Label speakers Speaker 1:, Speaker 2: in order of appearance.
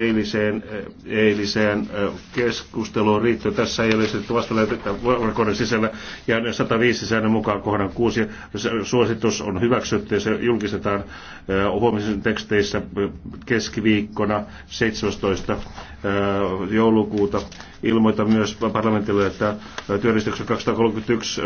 Speaker 1: eiliseen, eh, eiliseen eh, keskusteluun riittyy. Tässä ei ole esitetty vasta vuorokauden sisällä ja 105 säännön mukaan kohdan 6 suositus on hyväksytty ja se julkistetaan eh, huomisen teksteissä keskiviikkona 17. joulukuuta. Ilmoitan myös parlamentille, että
Speaker 2: työllistyksen 231